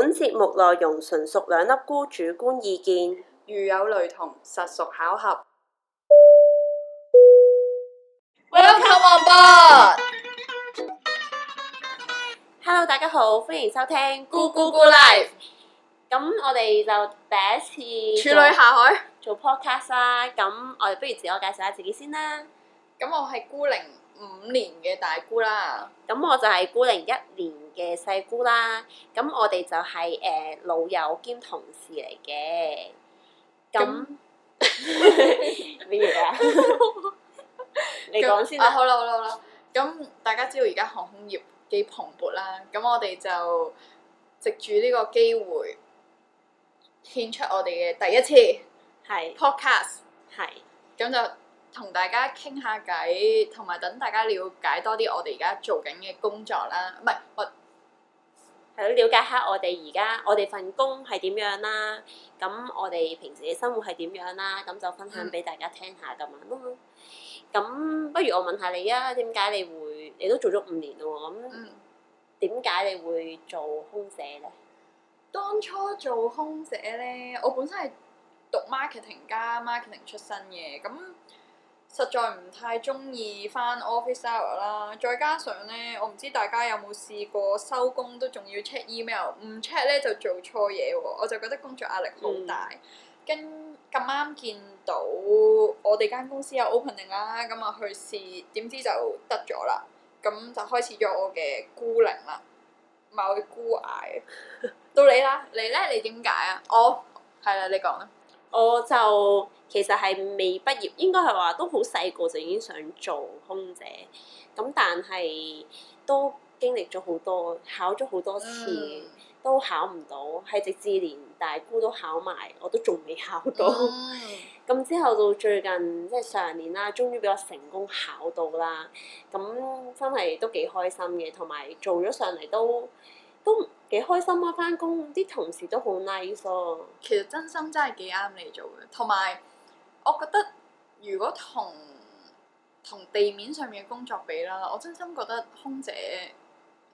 本節目內容純屬兩粒菇主觀意見，如有雷同，實屬巧合。Welcome on board！Hello，大家好，歡迎收聽《菇菇菇 Live》。咁我哋就第一次處女下海做 podcast 啦。咁我哋不如自我介紹下自己先啦。咁我係孤零五年嘅大姑啦，咁我就係孤零一年嘅細姑啦，咁我哋就係、是、誒、呃、老友兼同事嚟嘅，咁咩嘢啊？你講先啦。好啦好啦好啦，咁大家知道而家航空業幾蓬勃啦，咁我哋就藉住呢個機會獻出我哋嘅第一次，係 Podcast，係咁就。同大家傾下偈，同埋等大家了解多啲我哋而家做緊嘅工作啦，唔係我係了解下我哋而家我哋份工係點樣啦，咁我哋平時嘅生活係點樣啦，咁就分享俾大家聽下咁啊，咁、嗯、不如我問下你啊，點解你會你都做咗五年啦喎，咁點解你會做空姐咧？嗯、當初做空姐咧，我本身係讀 marketing 加 marketing 出身嘅，咁。實在唔太鍾意返 office hour 啦，再加上呢，我唔知大家有冇試過收工都仲要 check email，唔 check 呢就做錯嘢喎，我就覺得工作壓力好大。嗯、跟咁啱見到我哋間公司有 opening 啦，咁啊去試，點知就得咗啦，咁就開始咗我嘅孤零啦，唔係我嘅孤矮。到你啦，你咧你點解啊？我係啦，你講啊。Oh, 我就其實係未畢業，應該係話都好細個就已經想做空姐，咁但係都經歷咗好多，考咗好多次，都考唔到，係直至連大姑都考埋，我都仲未考到。咁之後到最近即係上年啦，終於畀我成功考到啦，咁真係都幾開心嘅，同埋做咗上嚟都都。都幾開心啊！返工啲同事都好 nice 咯、啊。其實真心真係幾啱你做嘅，同埋我覺得如果同同地面上面嘅工作比啦，我真心覺得空姐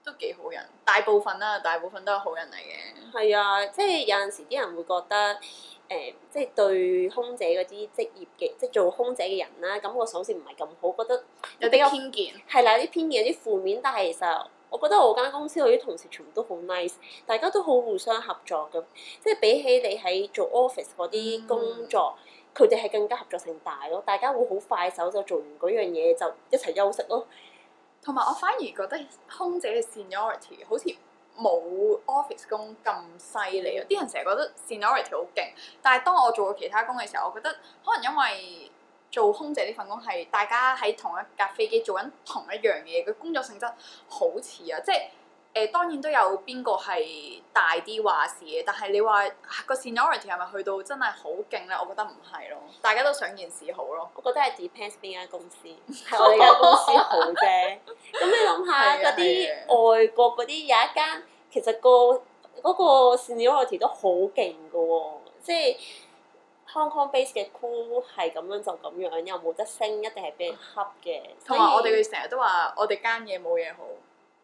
都幾好人，大部分啦、啊，大部分都係好人嚟嘅。係啊，即係有陣時啲人會覺得誒、呃，即係對空姐嗰啲職業嘅，即係做空姐嘅人啦，感覺首先唔係咁好，覺得有啲偏見。係啦、啊，有啲偏見，有啲負面，但係其實。覺得我間公司嗰啲同事全部都好 nice，大家都好互相合作嘅，即係比起你喺做 office 嗰啲工作，佢哋係更加合作性大咯，大家會好快手就做完嗰樣嘢就一齊休息咯。同埋我反而覺得空姐嘅 seniority 好似冇 office 工咁犀利啊！啲人成日覺得 seniority 好勁，但係當我做過其他工嘅時候，我覺得可能因為，做空姐呢份工係大家喺同一架飛機做緊同一樣嘢，佢工作性質好似啊，即係誒、呃、當然都有邊個係大啲話事嘅，但係你話、啊個 seniority 係咪去到真係好勁咧？我覺得唔係咯，大家都想件事好咯。我覺得係 depends 邊間公司，係我哋間公司好啫。咁 你諗下嗰啲外國嗰啲的有一間，其實、個嗰 seniority 都好勁嘅喎，即、那、係、個。Hong Kong based 嘅 crew 係咁樣就咁樣，又冇得升，一定係俾人恰嘅。同埋我哋佢成日都話，我哋間嘢冇嘢好，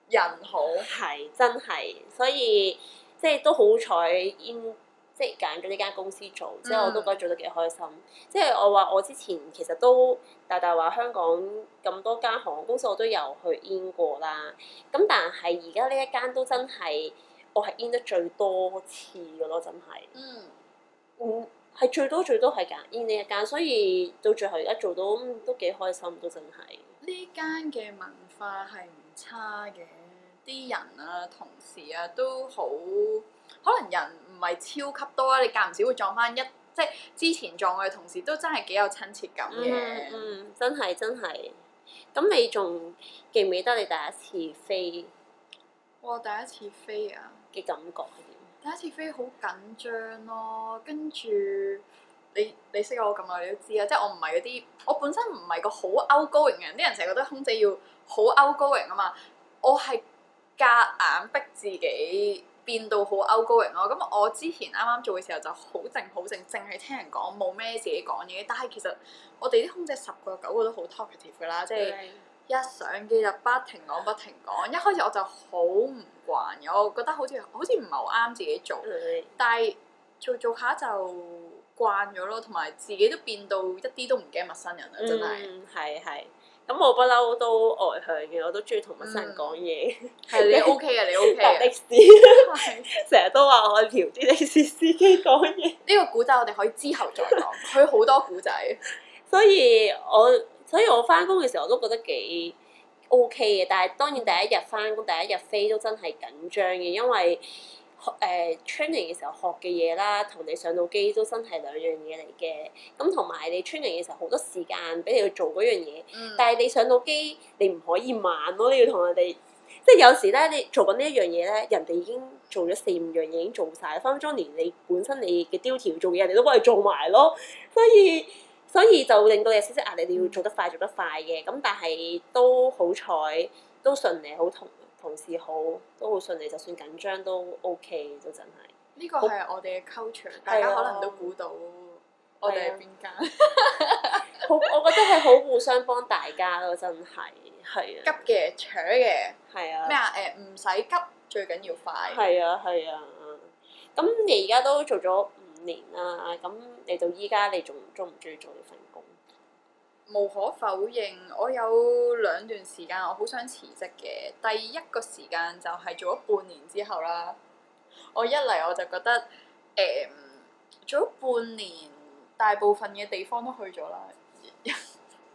人好。係真係，所以即係、就是、都好彩 in，即係揀咗呢間公司做，即、就、係、是、我都覺得做得幾開心。即係、嗯、我話我之前其實都大大話香港咁多間航空公司我都有去 in 過啦，咁但係而家呢一間都真係我係 in 得最多次㗎囉，真係。嗯。嗯。係最多最多係揀呢呢一間，所以到最後而家做到、嗯、都幾開心，都真係。呢間嘅文化係唔差嘅，啲人啊、同事啊都好，可能人唔係超級多啦，你間唔少會撞返一，即係之前撞嘅同事都真係幾有親切感嘅、嗯。嗯，真係真係。咁你仲記唔記得你第一次飛？我、哦、第一次飛啊！嘅感覺。第一次飛好緊張咯，跟住你你識我咁耐，你都知啊，即係我唔係嗰啲，我本身唔係個好 outgoing 人，啲人成日覺得空姐要好 outgoing 啊嘛，我係夾硬逼自己變到好 outgoing 咯，咁我之前啱啱做嘅時候就好靜好靜，淨係聽人講，冇咩自己講嘢，但係其實我哋啲空姐十個九個都好 talkative 㗎啦，對即係。一上機就不停講不停講，一開始我就好唔慣嘅，我覺得好似好似唔係好啱自己做，但係做做下就慣咗咯，同埋自己都變到一啲都唔驚陌生人啦，真係係係。咁、嗯、我不嬲都外向嘅，我都中意同陌生人講嘢，係你 OK 嘅你 OK 嘅，佢成日都話我 我調啲的士司機講嘢。呢個古仔我哋可以之後再講，佢好 多古仔，所以我。所以我翻工嘅時候我都覺得幾 OK 嘅，但係當然第一日翻工，第一日飛都真係緊張嘅，因為學呃 training 嘅時候學嘅嘢啦，同你上到機都真係兩樣嘢嚟嘅。咁同埋你 training 嘅時候好多時間俾你去做嗰樣嘢，嗯、但係你上到機你唔可以慢咯，你要同人哋。即係有時咧，你做緊呢一樣嘢咧，人哋已經做咗四五樣嘢已經做晒。分分鐘連你本身你嘅 duty 做嘢，你都幫你做埋咯，所以。所以就令到有少少壓力，你要做得快，做得快嘅。咁但係都好彩，都順利，好同同事好都好順利，就算緊張都 OK。都 OK, 就真係。呢個係我哋嘅 culture 大家可能都估到我哋係邊間。我覺得係好互相幫大家咯，真係係急嘅、扯嘅，係啊。咩 啊？誒唔使急，最緊要快。係啊，係啊。咁、啊、你而家都做咗。年啦、啊，咁你到依家，你仲中唔中意做呢份工？無可否認，我有兩段時間我好想辭職嘅。第一個時間就係做咗半年之後啦，我一嚟我就覺得，嗯、做咗半年，大部分嘅地方都去咗啦。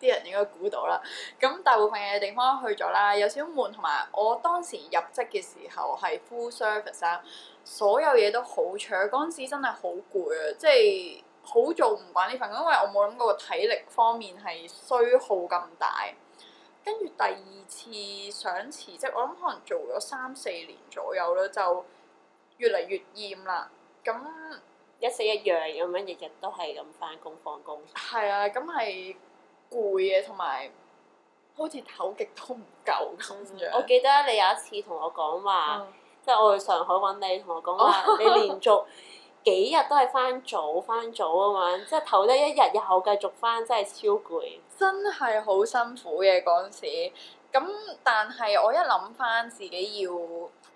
啲人應該估到啦。咁大部分嘅地方去咗啦，有少少悶同埋我當時入職嘅時候係 full service 啊，所有嘢都好 chur，嗰時真係好攰啊！即係好做唔慣呢份工，因為我冇諗過體力方面係衰耗咁大。跟住第二次想辭職，我諗可能做咗三四年左右啦，就越嚟越厭啦。咁一式一樣咁樣，日日都係咁翻工放工。係啊，咁係。攰嘅，同埋好似唞極都唔夠咁樣，嗯。我記得你有一次同我講話，嗯、即係我去上海揾你，同我講話你連續幾日都係翻早翻早啊嘛，即係唞得一日，然後繼續翻，真係超攰。真係好辛苦嘅嗰陣時，咁但係我一諗翻自己要，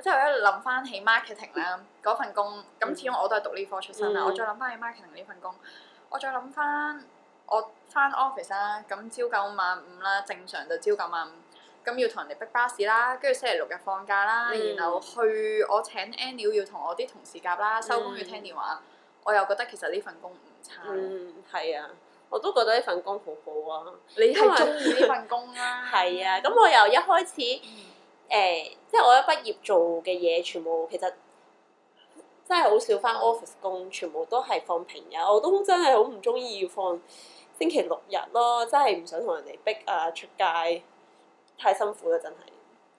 即係我一諗翻起 marketing 啦嗰份工，咁始終我都係讀呢科出身啦、嗯，我再諗翻起 marketing 呢份工，我再諗翻。我翻 office 啦，咁朝九晚五啦，正常就朝九晚五。咁要同人哋逼巴士啦，跟住星期六日放假啦，嗯、然後去我請 annual 要同我啲同事夾啦，收工要聽電話。嗯、我又覺得其實呢份工唔差。嗯，係啊，我都覺得呢份工好好啊。你係中意呢份工啦。係啊，咁、 啊、我由一開始，誒、呃，即、就、係、是、我一畢業做嘅嘢，全部其實真係好少翻 office 工，全部都係放平日。我都真係好唔中意要放。星期六日咯，真係唔想同人哋逼啊出街，太辛苦啦，真係。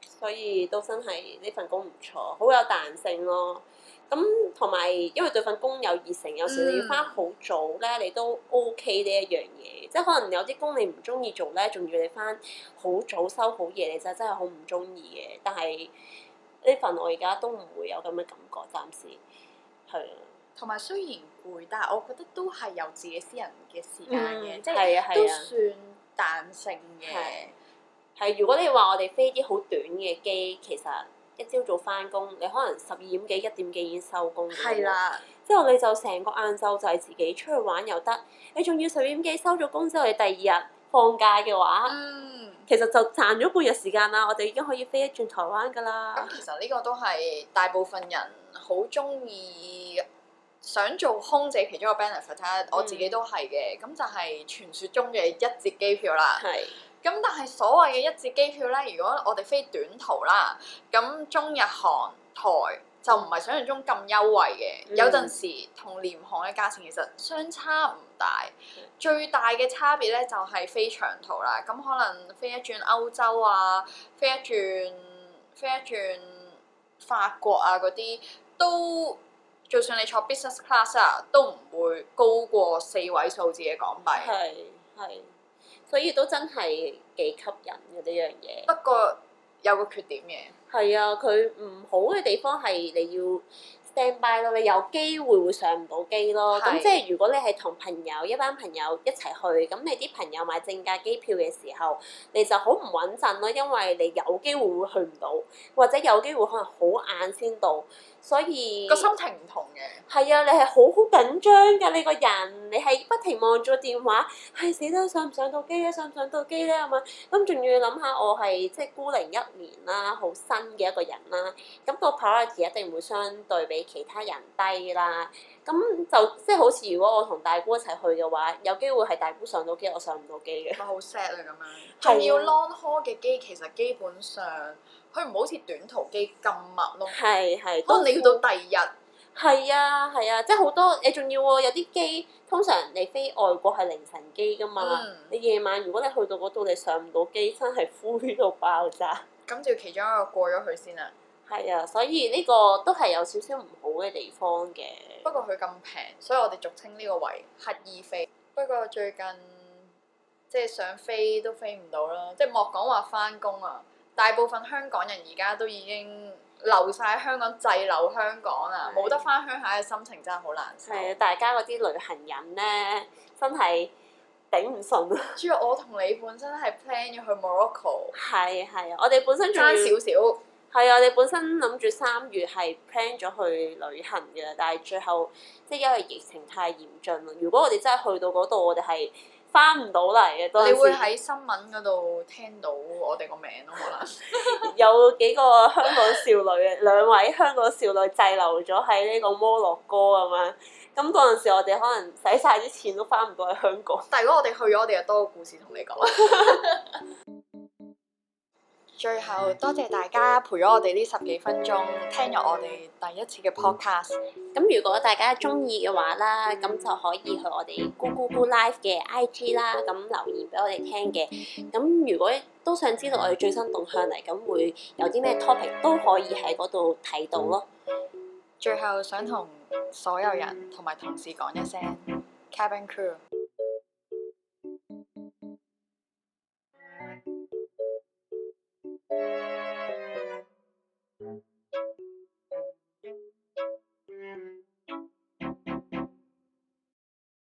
所以都真係呢份工唔錯，好有彈性咯。咁同埋因為對份工有熱誠，有時你要返好早咧，你都 O K 呢一樣嘢。嗯、即係可能有啲工你唔中意做咧，仲要你返好早收好夜，你就真係好唔中意嘅。但係呢份我而家都唔會有咁嘅感覺，暫時係。同埋雖然攰我覺得都係有自己私人嘅時間嘅，即係都算彈性嘅。係的如果你話我哋飛啲好短嘅機，其實一朝早翻工，你可能十二點幾、一點幾已經收工嘅，的之後你就成個晏晝就係自己出去玩又得。你仲要十二點幾收咗工之後，你第二日放假嘅話，嗯、其實就賺咗半日時間啦。我哋已經可以飛一轉台灣噶啦、嗯。其實呢個都係大部分人好中意。想做空姐其中一個 benefit，睇下我自己都係嘅，咁、嗯、就係傳説中嘅一折機票啦。咁是但係所謂嘅一折機票咧，如果我哋飛短途啦，咁中日韓台就唔係想象中咁優惠嘅，嗯、有陣時同廉航嘅價錢其實相差唔大。嗯、最大嘅差別咧就係飛長途啦，咁可能飛一轉歐洲啊，飛一轉飛一轉法國啊嗰啲都。就算你坐 business class 啊，都唔會高過四位數字嘅港幣。係係，所以都真係幾吸引嘅呢樣嘢。不過有個缺點嘅。係啊，佢唔好嘅地方係你要 stand by 咯，你有機會會上唔到機咯。咁是即係如果你係同朋，朋友一班朋友一齊去，咁你啲朋友買正價機票嘅時候，你就好唔穩陣咯，因為你有機會會去唔到，或者有機會可能好晏先到。所以個心情唔同嘅，係啊，你係好好緊張嘅，你個人，你係不停望住個電話，係、哎、死都上唔上到機咧，上唔上到機咧啊嘛，咁仲要諗下我係即係孤零一年啦，好新嘅一個人啦，咁、個 priority 一定會相對比其他人低啦，咁就即係好似如果我同大姑一齊去嘅話，有機會係大姑上到機，我上唔到機嘅。咪好 sad 啊咁樣，係要 long call 嘅機，其實基本上。佢唔好似短途機咁密咯，係係是，當你去到第二都翌日、啊，係啊係啊，即係好多你仲、哎、要喎、啊，有啲機通常你飛外國係凌晨機噶嘛，嗯、你夜晚如果你去到嗰度，你上唔到機，真係灰到爆炸。咁、嗯、就其中一個過咗去先啊！係啊，所以呢個都係有少少唔好嘅地方嘅。不過佢咁平，所以我哋俗稱呢個為乞兒飛。不過最近即係、就是、想飛都飛唔到啦，即、就、係、是、莫講話翻工啊！大部分香港人而家都已經留晒香港，滯留香港啦，冇的得返鄉下嘅心情真係好難受對。大家嗰啲旅行人咧，真係頂唔順。主要我同你本身係 plan 咗去 Morocco，係係，我哋本身仲有少少。係啊，我哋本身諗住三月係 plan 咗去旅行嘅，但係最後即係因為疫情太嚴峻啦。如果我哋真係去到嗰度，我哋係。翻唔到嚟嘅，當時你會喺新聞嗰度聽到我哋個名咯，可能 有幾個香港少女啊， 兩位香港少女滯留咗喺呢個摩洛哥啊嘛，咁嗰陣時我哋可能使晒啲錢都翻唔到去香港。 但如果我哋去咗，我哋又多個故事同你講。 最後多謝大家陪咗我哋呢十幾分鐘，聽咗我哋第一次嘅 podcast。咁如果大家中意嘅話啦，咁就可以去我哋 Google Live 嘅 IG 啦，咁留言俾我哋聽嘅。咁如果都想知道我哋最新動向嚟，咁會有啲咩 topic 都可以喺嗰度睇到咯。最後想同所有人同埋同事講一聲：Cabin Crew。